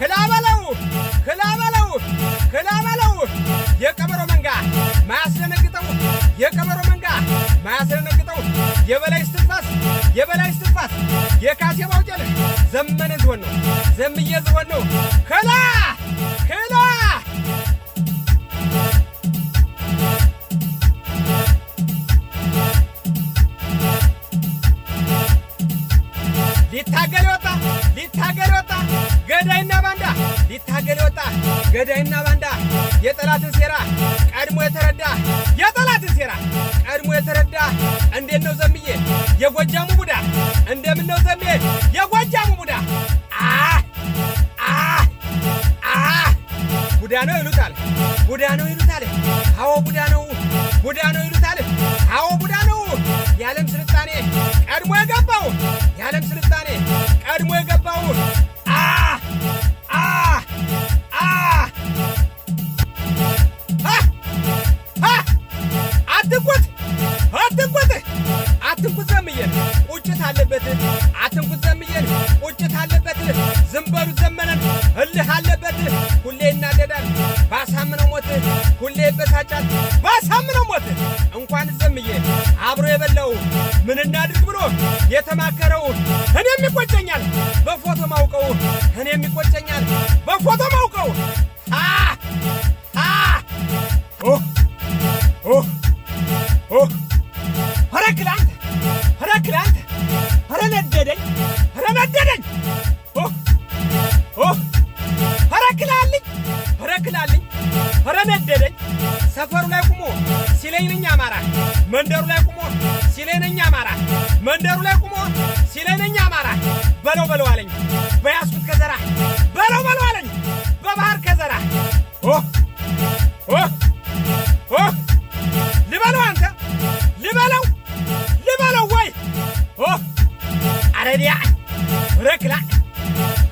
ክላበለው ክላበለው ክላበለው የቀበሮ መንጋ ማያስደነግጠው የቀበሮ መንጋ ማያስደነግጠው የበላይ ስትንፋስ የበላይ ስትንፋስ የካሴባው ጨል ዘመነ ዝሆን ነው ዘምዬ ዝሆን ነው ክላ ክላ ሊታገል ይወጣ ሊታገል ይወጣ ገዳይና ባንዳ ሊታገል የወጣ ገዳይና ባንዳ የጠላትን ሴራ ቀድሞ የተረዳ የጠላትን ሴራ ቀድሞ የተረዳ እንዴት ነው ዘምዬ የጎጃሙ ቡዳ እንደምን ነው ዘምዬ የጎጃሙ ቡዳ ቡዳ ነው ይሉታል። ቡዳ ነው ይሉታል። አዎ ቡዳ ነው። ቡዳ ነው ይሉታል። አዎ ቡዳ ነው። የዓለም ስልጣኔ ቀድሞ የገባው አለበት፣ ቁጭት አለበት። አትንኩት ዘምዬን፣ ቁጭት አለበት። ዝምበሉ ዘመነን፣ እልህ አለበት። ሁሌ እናደዳል ባሳምነው ሞት፣ ሁሌ ይበሳጫል ባሳምነው ሞት። እንኳን ዘምዬ አብሮ የበላው ምን እናድርግ ብሎ የተማከረው እኔም ይቆጨኛል በፎቶ ማውቀው፣ እኔም ይቆጨኛል በፎቶ ማውቀው Oh! አናደደኝ። ኦ ክላልኝ፣ ፈረክላልኝ ክላልኝ፣ ሰፈሩ ላይ ቁሞ ሲለኝ ነኝ አማራ፣ መንደሩ ላይ ቁሞ ሲለኝ ነኝ አማራ፣ መንደሩ ላይ ቁሞ ሲለኝ ነኝ አማራ። በለው በለው አለኝ በያዝኩት ከዘራ በለው በለው አለኝ በባህር ከዘራ ልበለው አንተ ልበለው ልበለው ወይ አረዲያ ركلع